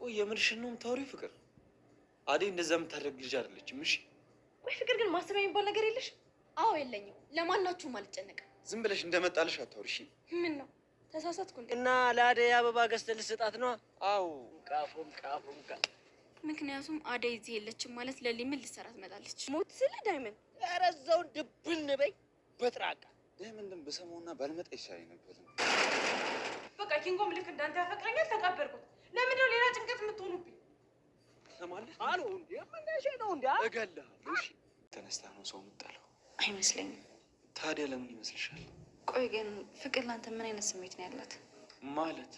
ቆይ የምርሽን ነው የምታወሪው? ፍቅር አዴ እንደዛ የምታደርግ ልጅ አይደለችም። እሺ ቆይ ፍቅር ግን ማሰቢያ የሚባል ነገር የለሽ? አዎ የለኝም። ለማናችሁም አልጨነቅም። ዝም ብለሽ እንደመጣልሽ አታውሪ። እሺ ምን ነው ተሳሳትኩ እና ለአደይ አበባ ገዝተን ልሰጣት ነው? አዎ ቃፉን ቃፉን ቃ ምክንያቱም አደይ እዚህ የለችም ማለት ለሊ ምን ልሰራ ትመጣለች? ሞት ስለ ዳይመንድ ያረዛውን ድብን በይ በጥራቃ ዳይመንድን በሰማውና ባልመጣ ይሻለኝ ነበር። በቃ ኪንጎም ልክ እንዳንተ ያፈቅረኛል ተቀበልኩት። ለምንድነው ሌላ ጭንቀት የምትሆኑብኝ? ትሰማለህ? ተነስታ ነው ሰው የምጠላው አይመስለኝም። ታዲያ ለምን ይመስልሻል? ቆይ ግን ፍቅር ላንተ ምን አይነት ስሜት ነው ያላት? ማለት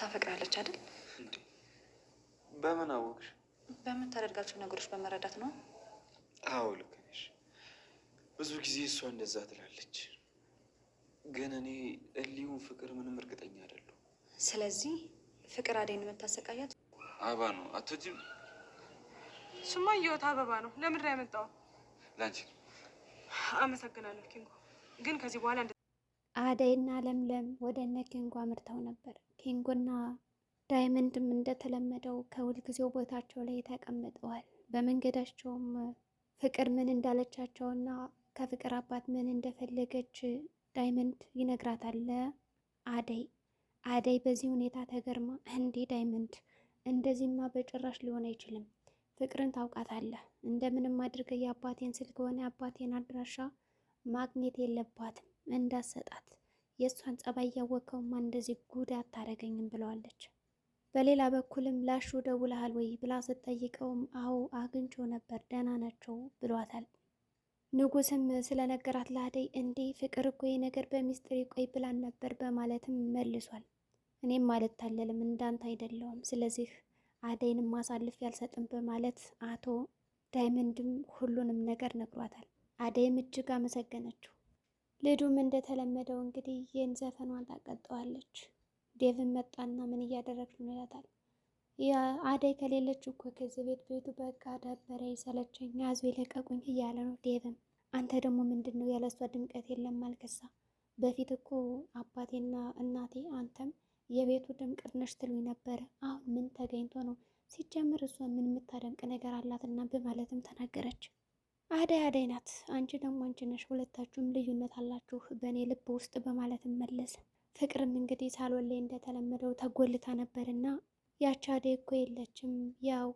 ታፈቅራለች አይደል? በምን አወቅሽ? በምታደርጋቸው ነገሮች በመረዳት ነው። አዎ ልክ ነሽ። ብዙ ጊዜ እሷ እንደዛ ትላለች፣ ግን እኔ እሊሁን ፍቅር ምንም እርግጠኛ አይደለሁ። ስለዚህ ፍቅር አደይን የምታሰቃያት አበባ ነው። አትወጂም? ስማ እየወት አበባ ነው። ለምድር ያመጣው ለአንቺ። አመሰግናለሁ ኪንጎ። ግን ከዚህ በኋላ አደይና ለምለም ወደ እነ ኪንጎ አምርተው ነበር። ኪንጎና ዳይመንድም እንደተለመደው ከሁልጊዜው ቦታቸው ላይ ተቀምጠዋል። በመንገዳቸውም ፍቅር ምን እንዳለቻቸውና ከፍቅር አባት ምን እንደፈለገች ዳይመንድ ይነግራታል አደይ አደይ በዚህ ሁኔታ ተገርማ እንዴ ዳይመንድ እንደዚህማ በጭራሽ ሊሆን አይችልም፣ ፍቅርን ታውቃታለህ። እንደምንም አድርገ የአባቴን ስልክ ሆነ የአባቴን አድራሻ ማግኘት የለባትም እንዳሰጣት። የእሷን ጸባይ እያወቀውማ እንደዚህ ጉድ አታደርገኝም ብለዋለች። በሌላ በኩልም ላሹ ደውለሃል ወይ ብላ ስትጠይቀውም አዎ አግኝቼ ነበር ደህና ናቸው ብሏታል። ንጉስም ስለነገራት ለአደይ እንዴ ፍቅር እኮ ነገር በሚስጥር ይቆይ ብላን ነበር በማለትም መልሷል። እኔም አልታለልም እንዳንተ አይደለውም። ስለዚህ አደይንም ማሳልፍ ያልሰጥም በማለት አቶ ዳይመንድም ሁሉንም ነገር ነግሯታል። አደይም እጅግ አመሰገነችው። ልዱም እንደተለመደው እንግዲህ ይህን ዘፈኗን ታቀጠዋለች። ዴቭን መጣና ምን እያደረግ ነው ይላታል። አደይ ከሌለች እኮ ከዚህ ቤት ቤቱ በቃ ደበረ ይሰለቸኝ ያዙ የለቀቁኝ እያለ ነው ዴቭም። አንተ ደግሞ ምንድን ነው ያለሷ ድምቀት የለም አልከሳ በፊት እኮ አባቴና እናቴ አንተም የቤቱ ድምቅት ነሽ ትሉኝ ነበር። አሁን ምን ተገኝቶ ነው? ሲጀምር እሷ ምን የምታደምቅ ነገር አላትና በማለትም ተናገረች። አደይ አደይ ናት፣ አንቺ ደግሞ አንቺ ነሽ፣ ሁለታችሁም ልዩነት አላችሁ በእኔ ልብ ውስጥ በማለትም መለሰ። ፍቅርም እንግዲህ ሳሎን ላይ እንደተለመደው ተጎልታ ነበርና ያቺ አደይ እኮ የለችም ያው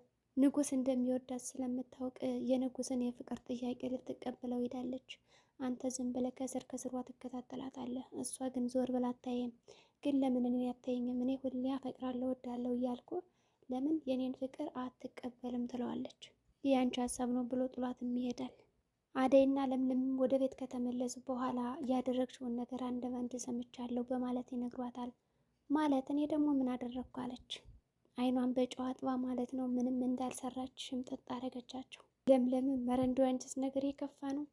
ንጉስ እንደሚወዳት ስለምታውቅ የንጉስን የፍቅር ጥያቄ ልትቀበለው ሄዳለች። አንተ ዝም ብለህ ከስር ከስሯ ትከታተላታለህ፣ እሷ ግን ዞር ብላ አታየም። ግን ለምን እኔ አታየኝም? እኔ ሁሌ አፈቅራለሁ እወዳለሁ እያልኩ ለምን የኔን ፍቅር አትቀበልም? ትለዋለች። የአንቺ ሀሳብ ነው ብሎ ጥሏትም ይሄዳል። አደይና ለምለም ወደ ቤት ከተመለሱ በኋላ ያደረግሽውን ነገር አንድ ባንድ ሰምቻለሁ በማለት ይነግሯታል። ማለት እኔ ደግሞ ምን አደረግኩ አለች። አይኗን በጨዋጥባ ማለት ነው ምንም እንዳልሰራች ሽምጥጥ አደረገቻቸው። ለምለም መረንዶ ያንቺስ ነገር የከፋ ነው፣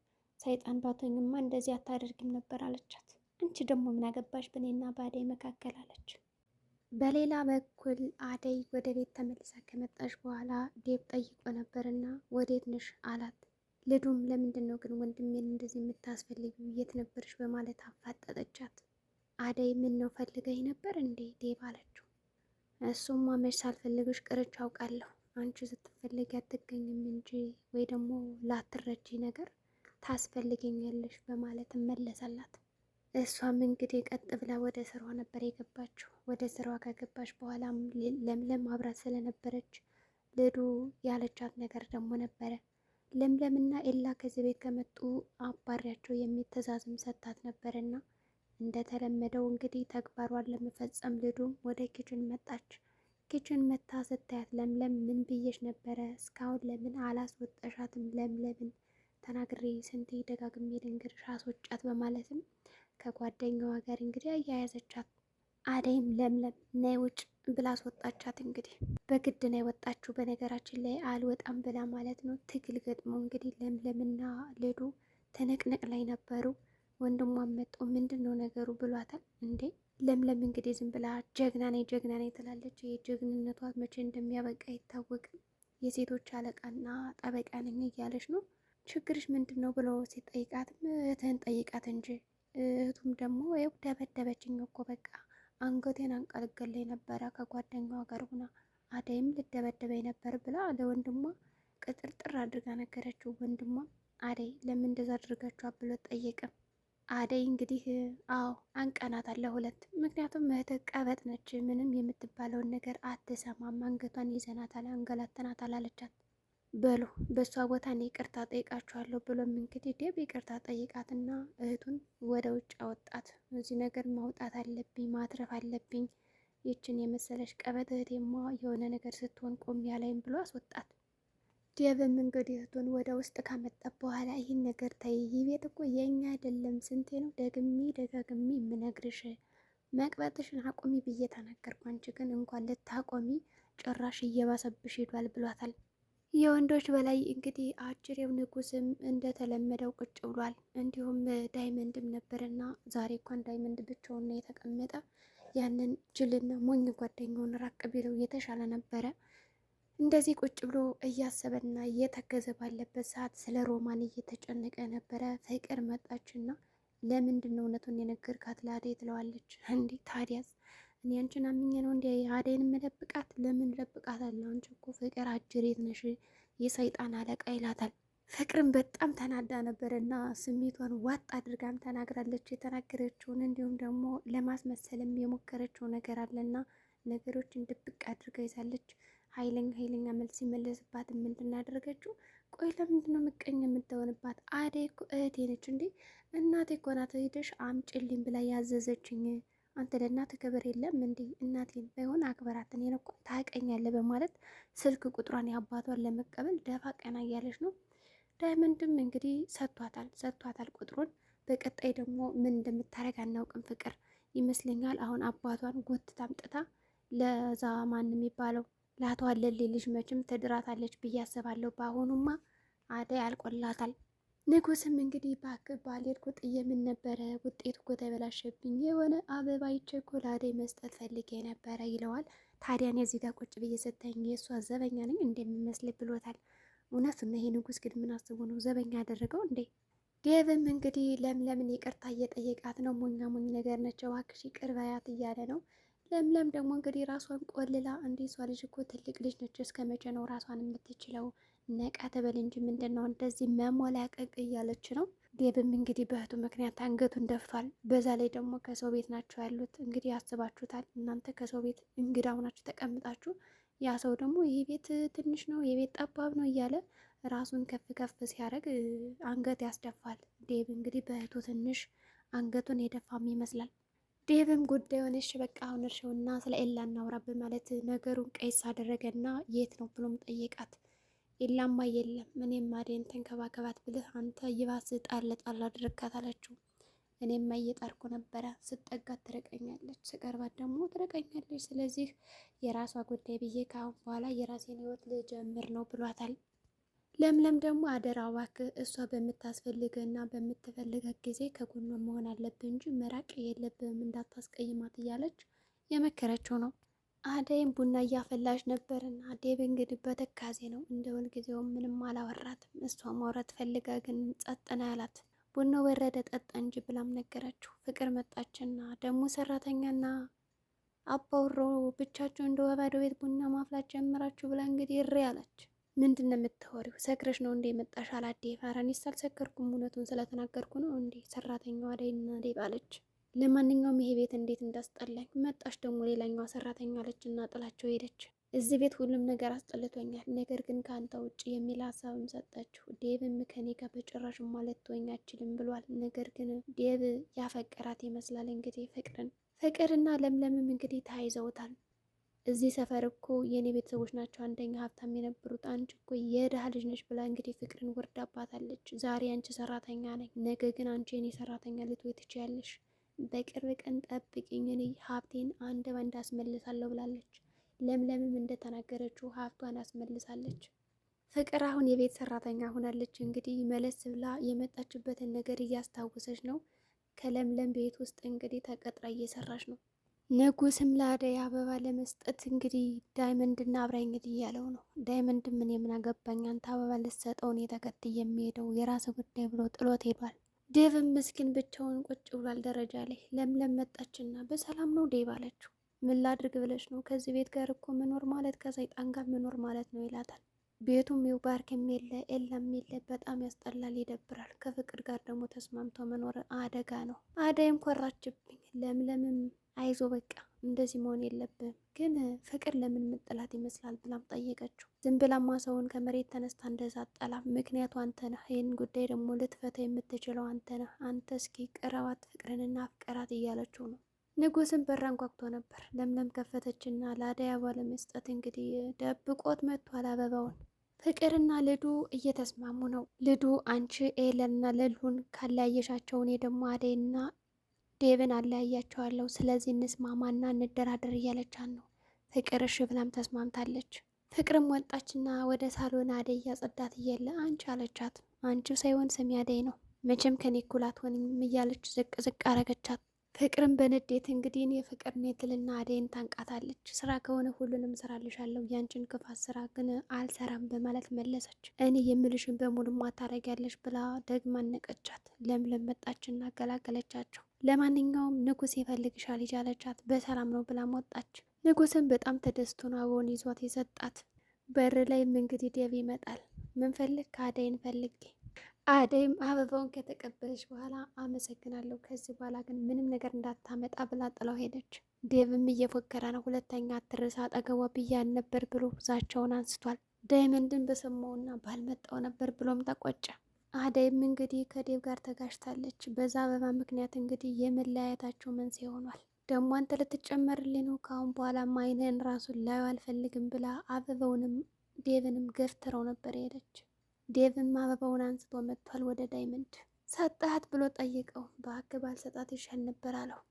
ሰይጣን ባቶኝማ እንደዚህ አታደርግም ነበር አለቻት። አንቺ ደግሞ ምን አገባሽ በእኔና በአደይ መካከል አለች። በሌላ በኩል አደይ ወደ ቤት ተመልሳ ከመጣች በኋላ ዴብ ጠይቆ ነበርና ወዴት ነሽ አላት። ልዱም ለምንድን ነው ግን ወንድሜን እንደዚህ የምታስፈልጊው የት ነበርሽ በማለት አፋጠጠቻት። አደይ ምን ነው ፈልገኝ ነበር እንዴ ዴብ አለችው። እሱም መች ሳልፈልግሽ ቅርች አውቃለሁ አንቺ ስትፈልጊ አትገኝም እንጂ ወይ ደግሞ ላትረጂ ነገር ታስፈልገኛለሽ በማለት እመለሰላት። እሷም እንግዲህ ቀጥ ብላ ወደ ስራዋ ነበር የገባችው። ወደ ስራዋ ከገባች በኋላም ለምለም አብራት ስለነበረች ልዱ ያለቻት ነገር ደግሞ ነበረ። ለምለምና ኤላ ከዚህ ቤት ከመጡ አባሪያቸው የሚል ትዕዛዝም ሰጥታት ነበርና እንደተለመደው እንግዲህ ተግባሯን ለመፈጸም ልዱም ወደ ኪችን መጣች። ኪችን መታ ስታያት ለምለም ምን ብዬሽ ነበረ እስካሁን ለምን አላስወጣሻትም? ለምለምን ተናግሬ ስንቴ ደጋግሜ ልንገርሽ አስወጫት በማለትም ከጓደኛዋ ጋር እንግዲህ አያያዘቻት። አደይም ለምለም ነይ ውጭ ብላ አስወጣቻት። እንግዲህ በግድ ነው የወጣችሁ። በነገራችን ላይ አልወጣም ብላ ማለት ነው። ትግል ገጥሞ እንግዲህ ለምለምና ልዱ ትንቅንቅ ላይ ነበሩ። ወንድሟን መጦ ምንድን ነው ነገሩ ብሏታል። እንዴ ለምለም እንግዲህ ዝም ብላ ጀግና ነኝ ጀግና ነኝ ትላለች። የጀግንነቷ መቼ እንደሚያበቃ አይታወቅም። የሴቶች አለቃና ጠበቃ ነኝ እያለች ነው። ችግርሽ ምንድን ነው ብሎ ሲጠይቃትም እህትህን ጠይቃት እንጂ እህቱም ደግሞ ያው ደበደበችኝ እኮ በቃ አንገቴን አንቀልገለኝ ነበረ ከጓደኛዋ ጋር ሆና አደይም ልደበደበኝ ነበር ብላ ለወንድሟ ቅጥርጥር አድርጋ ነገረችው። ወንድሟ አደይ ለምን እንደዛ አድርጋችኋ ብሎ ጠየቀ። አደይ እንግዲህ አዎ አለ ሁለት። ምክንያቱም እህት ቀበጥ ነች፣ ምንም የምትባለውን ነገር አትሰማም፣ አንገቷን ይዘናታል፣ አንገላተናት አላለቻት በሉ በእሷ ቦታ እኔ ይቅርታ ጠይቃችኋለሁ ብሎ እንግዲህ ዴብ ይቅርታ ጠይቃትና እህቱን ወደ ውጭ አወጣት። እዚህ ነገር ማውጣት አለብኝ፣ ማትረፍ አለብኝ። ይችን የመሰለሽ ቀበጥ እህቴማ የሆነ ነገር ስትሆን ቆም ያላይም ብሎ አስወጣት። ዴብም እንግዲህ እህቱን ወደ ውስጥ ካመጣ በኋላ ይህን ነገር ተይ፣ ይህ ቤት እኮ የኛ አይደለም። ስንቴ ነው ደግሜ ደጋግሜ የምነግርሽ መቅበጥሽን አቁሚ ብዬ ተናገርኩ። አንቺ ግን እንኳን ልታቆሚ ጭራሽ እየባሰብሽ ሄዷል ብሏታል። የወንዶች በላይ እንግዲህ አጭሬው ንጉስም እንደተለመደው ቁጭ ብሏል። እንዲሁም ዳይመንድም ነበርና ዛሬ እንኳን ዳይመንድ ብቻውን ነው የተቀመጠ። ያንን ጅልና ሞኝ ጓደኛውን ራቅ ቢለው የተሻለ ነበረ። እንደዚህ ቁጭ ብሎ እያሰበና እየተገዘ ባለበት ሰዓት ስለ ሮማን እየተጨነቀ ነበረ። ፍቅር መጣችና ለምንድን ነው እውነቱን የነገርካት ላዴ ትለዋለች። እንዴ ታዲያስ እኔ አንቺን አምኜ ነው እንዲ አደይን የምለብቃት? ለምን ለብቃት አለው? አንቺ እኮ ፍቅር አጅሬት ነሽ፣ የሰይጣን አለቃ ይላታል። ፍቅርን በጣም ተናዳ ነበር እና ስሜቷን ዋጥ አድርጋም ተናግራለች። የተናገረችውን እንዲሁም ደግሞ ለማስመሰልም የሞከረችው ነገር አለና ነገሮችን ድብቅ አድርጋ ይዛለች። ኃይለኛ ኃይለኛ መልስ ሲመለስባት የምንድናደርገችው ቆይ ለምንድን ነው ምቀኝ የምትሆንባት? አደይ እኮ እህቴ ነች እንዴ! እናቴ እኮ ናት ሄደሽ አምጪልኝ ብላ ያዘዘችኝ አንተ ለእናትህ ክብር የለም እንዴ? እናቴን ባይሆን አክብራት፣ እኔን እኮ ታውቀኛለህ በማለት ስልክ ቁጥሯን የአባቷን ለመቀበል ደፋ ቀና እያለች ነው። ዳይመንድም እንግዲህ ሰጥቷታል ሰጥቷታል ቁጥሩን። በቀጣይ ደግሞ ምን እንደምታደርግ አናውቅም። ፍቅር ይመስለኛል አሁን አባቷን ጎትታ አምጥታ ለዛ ማን የሚባለው ለአቶ አለልኝ ልጅ መቼም ትድራታለች ብዬ አስባለሁ። በአሁኑማ አደይ አልቆላታል። ንጉስም እንግዲህ እባክህ ባልሄድኩ ጥዬ ምን ነበረ ውጤት እኮ ተበላሸብኝ፣ የሆነ አበባ ይቼ መስጠት ፈልጌ ነበረ ይለዋል። ታዲያን የዚህ ጋር ቁጭ ብዬ ስተኝ የእሷ ዘበኛ ነኝ እንደሚመስል ብሎታል። እውነት ነው። ይሄ ንጉስ ግን ምን አስቦ ነው ዘበኛ ያደረገው እንዴ? ዴቭም እንግዲህ ለምለምን ይቅርታ እየጠየቃት ነው። ሞኛ ሞኝ ነገር ነች፣ እባክሽ ይቅር በያት እያለ ነው። ለምለም ደግሞ እንግዲህ ራሷን ቆልላ እንዲህ እሷ ልጅ እኮ ትልቅ ልጅ ነች፣ እስከ መቼ ነው ራሷን የምትችለው ነቃ ተበል እንጂ ምንድን ነው እንደዚህ መሞላቀቅ እያለች ነው። ዴብም እንግዲህ በእህቱ ምክንያት አንገቱን ደፍቷል። በዛ ላይ ደግሞ ከሰው ቤት ናቸው ያሉት። እንግዲህ ያስባችሁታል እናንተ ከሰው ቤት እንግዳ ናቸው ተቀምጣችሁ፣ ያ ሰው ደግሞ ይህ ቤት ትንሽ ነው፣ ይህ ቤት ጠባብ ነው እያለ ራሱን ከፍ ከፍ ሲያደርግ አንገት ያስደፋል። ዴብ እንግዲህ በእህቱ ትንሽ አንገቱን የደፋም ይመስላል። ዴብም ጉዳዩን እሺ በቃ አሁን እርሽውና ስለ ኤላ እናውራ በማለት ነገሩን ቀይስ አደረገና የት ነው ብሎም ጠየቃት። የላማ የለም እኔም አደይን ተንከባከባት ብልህ አንተ ይባስ ጣል ጣል አድርጋት አለችው። እኔም እየጣርኩ ነበረ። ስትጠጋት ትርቀኛለች፣ ስቀርባት ደግሞ ትርቀኛለች። ስለዚህ የራሷ ጉዳይ ብዬ ከአሁን በኋላ የራሴን ህይወት ልጀምር ነው ብሏታል። ለምለም ደግሞ አደራ እባክህ እሷ በምታስፈልግህ እና ጊዜ ከጎኗ መሆን አለብህ እንጂ መራቅ የለብህም እንዳታስቀይማት እያለች የመከረችው ነው። አደይም ቡና እያፈላች ነበርና ዴብ እንግዲህ በትካዜ ነው እንደ ሁልጊዜውም ምንም አላወራትም። እሷ ማውራት ፈልጋ ግን ጸጥና ያላት ቡና ወረደ ጠጣ እንጂ ብላም ነገረችው። ፍቅር መጣችና ደግሞ ሰራተኛና አባውሮ ብቻቸው እንደ ባዶ ቤት ቡና ማፍላት ጀምራችሁ ብላ እንግዲህ እሪ አለች። ምንድን ነው የምታወሪው? ሰክረሽ ነው እንዴ መጣሽ? አላት ዴብ። ኧረ እኔስ አልሰከርኩም እውነቱን ስለተናገርኩ ነው እንዴ ሰራተኛዋ አደይና ዴብ አለች። ለማንኛውም ይሄ ቤት እንዴት እንዳስጠላኝ መጣች ደግሞ ሌላኛዋ ሰራተኛ አለች እና ጥላቸው ሄደች። እዚህ ቤት ሁሉም ነገር አስጠልቶኛል፣ ነገር ግን ከአንተ ውጭ የሚል ሀሳብም ሰጠችው። ዴብም ከኔ ጋር በጭራሽ ማለት ትወኝ ብሏል። ነገር ግን ዴብ ያፈቀራት ይመስላል። እንግዲህ ፍቅርን ፍቅርና ለምለምም እንግዲህ ተያይዘውታል። እዚህ ሰፈር እኮ የእኔ ቤተሰቦች ናቸው አንደኛ ሀብታም የነበሩት፣ አንቺ እኮ የድሃ ልጅ ነች ብላ እንግዲህ ፍቅርን ወርዳባታለች። ዛሬ አንቺ ሰራተኛ ነኝ፣ ነገ ግን አንቺ የኔ ሰራተኛ ልትወይ ትችያለሽ በቅርብ ቀን ጠብቅኝ እኔ ሀብቴን አንድ ባንድ አስመልሳለሁ ብላለች። ለምለምም እንደተናገረችው ሀብቷን አስመልሳለች። ፍቅር አሁን የቤት ሰራተኛ ሆናለች። እንግዲህ መለስ ብላ የመጣችበትን ነገር እያስታወሰች ነው። ከለምለም ቤት ውስጥ እንግዲህ ተቀጥራ እየሰራች ነው። ንጉስም ለአደይ አበባ ለመስጠት እንግዲህ ዳይመንድና አብራኝ እንግዲህ እያለው ነው። ዳይመንድ ምን የምናገባኝ አንተ አበባ ልሰጠውን የተከት የሚሄደው የራስ ጉዳይ ብሎ ጥሎት ሄዷል። ዴቭም ምስኪን ብቻውን ቁጭ ብሏል ደረጃ ላይ። ለምለም መጣችና በሰላም ነው ዴቭ አለችው። ምን ላድርግ ብለሽ ነው? ከዚህ ቤት ጋር እኮ መኖር ማለት ከሰይጣን ጋር መኖር ማለት ነው ይላታል። ቤቱም ይው ባርክም የለ ኤላም የለ በጣም ያስጠላል፣ ይደብራል። ከፍቅር ጋር ደግሞ ተስማምቶ መኖር አደጋ ነው። አደይም ኮራችብኝ። ለምለምም አይዞ በቃ እንደዚህ መሆን የለብም ግን ፍቅር ለምን ምጥላት ይመስላል ብላም ጠየቀችው። ዝም ብላማ ሰውን ከመሬት ተነስታ እንደዛ ጠላ ምክንያቱ አንተ ነህ። ይህን ጉዳይ ደግሞ ልትፈታ የምትችለው አንተ ነህ። አንተ እስኪ ቅረባት፣ ፍቅርንና አፍቀራት እያለችው ነው። ንጉስን በራን ጓግቶ ነበር። ለምለም ከፈተችና ለአደይ አበባ ለመስጠት እንግዲህ ደብቆት መጥቷል አበባውን። ፍቅርና ልዱ እየተስማሙ ነው። ልዱ አንቺ ኤለንና ለልሁን ካለያየሻቸው እኔ ደግሞ አደይና ዴብን አለያያቸዋለሁ፣ ስለዚህ እንስማማና እንደራደር እያለቻት ነው። ፍቅር እሽ ብላም ተስማምታለች። ፍቅርም ወጣችና ወደ ሳሎን አደይ እያጸዳት እየለ አንቺ አለቻት። አንቺ ሳይሆን ስሚ አደይ ነው መቼም ከኔ እኩል አትሆንም እያለች ዝቅ ዝቅ አረገቻት። ፍቅርም በንዴት እንግዲህ እኔ ፍቅር ሜትልና አደይን ታንቃታለች። ስራ ከሆነ ሁሉንም ስራልሻለሁ፣ ያንቺን ክፋት ስራ ግን አልሰራም በማለት መለሰች። እኔ የምልሽን በሙሉ ታረጊያለሽ ብላ ደግማ አነቀቻት። ለምለም መጣችና አገላገለቻቸው። ለማንኛውም ንጉስ ይፈልግሻል ልጅ አለቻት። በሰላም ነው ብላም ወጣች። ንጉስም በጣም ተደስቶ ነው አበባውን ይዟት የሰጣት። በር ላይም እንግዲህ ዴቭ ይመጣል። ምን ፈልግ? ከአደይን ፈልጌ። አደይም አበባውን ከተቀበለች በኋላ አመሰግናለሁ፣ ከዚህ በኋላ ግን ምንም ነገር እንዳታመጣ ብላ ጥላው ሄደች። ዴቭም እየፎከረ ነው። ሁለተኛ አትርሳ አጠገቧ ብያን ነበር ብሎ ብዛቸውን አንስቷል። ዳይመንድን በሰማውና ባልመጣው ነበር ብሎም ተቆጨ። አደይም እንግዲህ ከዴብ ጋር ተጋጭታለች። በዛ አበባ ምክንያት እንግዲህ የመለያየታቸው መንስኤ ሆኗል። ደግሞ አንተ ልትጨመርልኝ ነው ከአሁን በኋላ ማይነን ራሱን ላዩ አልፈልግም ብላ አበበውንም ዴብንም ገፍትረው ነበር ሄደች። ዴብም አበባውን አንስቶ መጥቷል ወደ ዳይመንድ። ሰጣት ብሎ ጠይቀው በአገባል ባልሰጣት ይሻል ነበር አለው።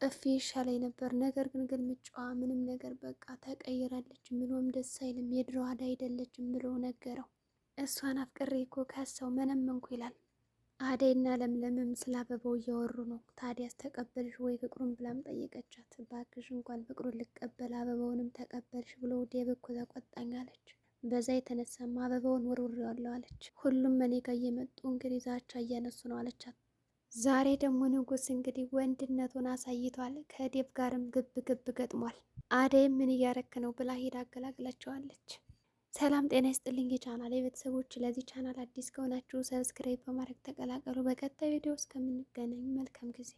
ጥፊ ይሻለኝ ነበር፣ ነገር ግን ግልምጫዋ ምንም ነገር በቃ ተቀይራለች፣ ምንም ደስ አይልም፣ የድሮ አደይ አይደለችም ብሎ ነገረው። እሷን አፍቅሬ እኮ ከሰው ምንም እንኩ ይላል። አደይና ለምለምም ስለ አበባው እያወሩ ነው። ታዲያስ ተቀበልሽ ወይ ፍቅሩን ብላም ጠየቀቻት። ባክሽ እንኳን ፍቅሩን ልቀበል አበባውንም ተቀበልሽ ብሎ ዴብ እኮ ተቆጣኝ አለች። በዛ የተነሳም አበባውን ወርውሬዋለሁ አለች። ሁሉም እኔ ጋ እየመጡ እንግዲህ ዛቻ እያነሱ ነው አለቻት። ዛሬ ደግሞ ንጉስ እንግዲህ ወንድነቱን አሳይቷል። ከዴብ ጋርም ግብ ግብ ገጥሟል። አደይም ምን እያረክ ነው ብላ ሄዳ አገላግላቸዋለች። ሰላም ጤና ይስጥልኝ የቻናል የቤተሰቦች፣ ለዚህ ቻናል አዲስ ከሆናችሁ ሰብስክራይብ በማድረግ ተቀላቀሉ። በቀጣይ ቪዲዮ እስከምንገናኝ መልካም ጊዜ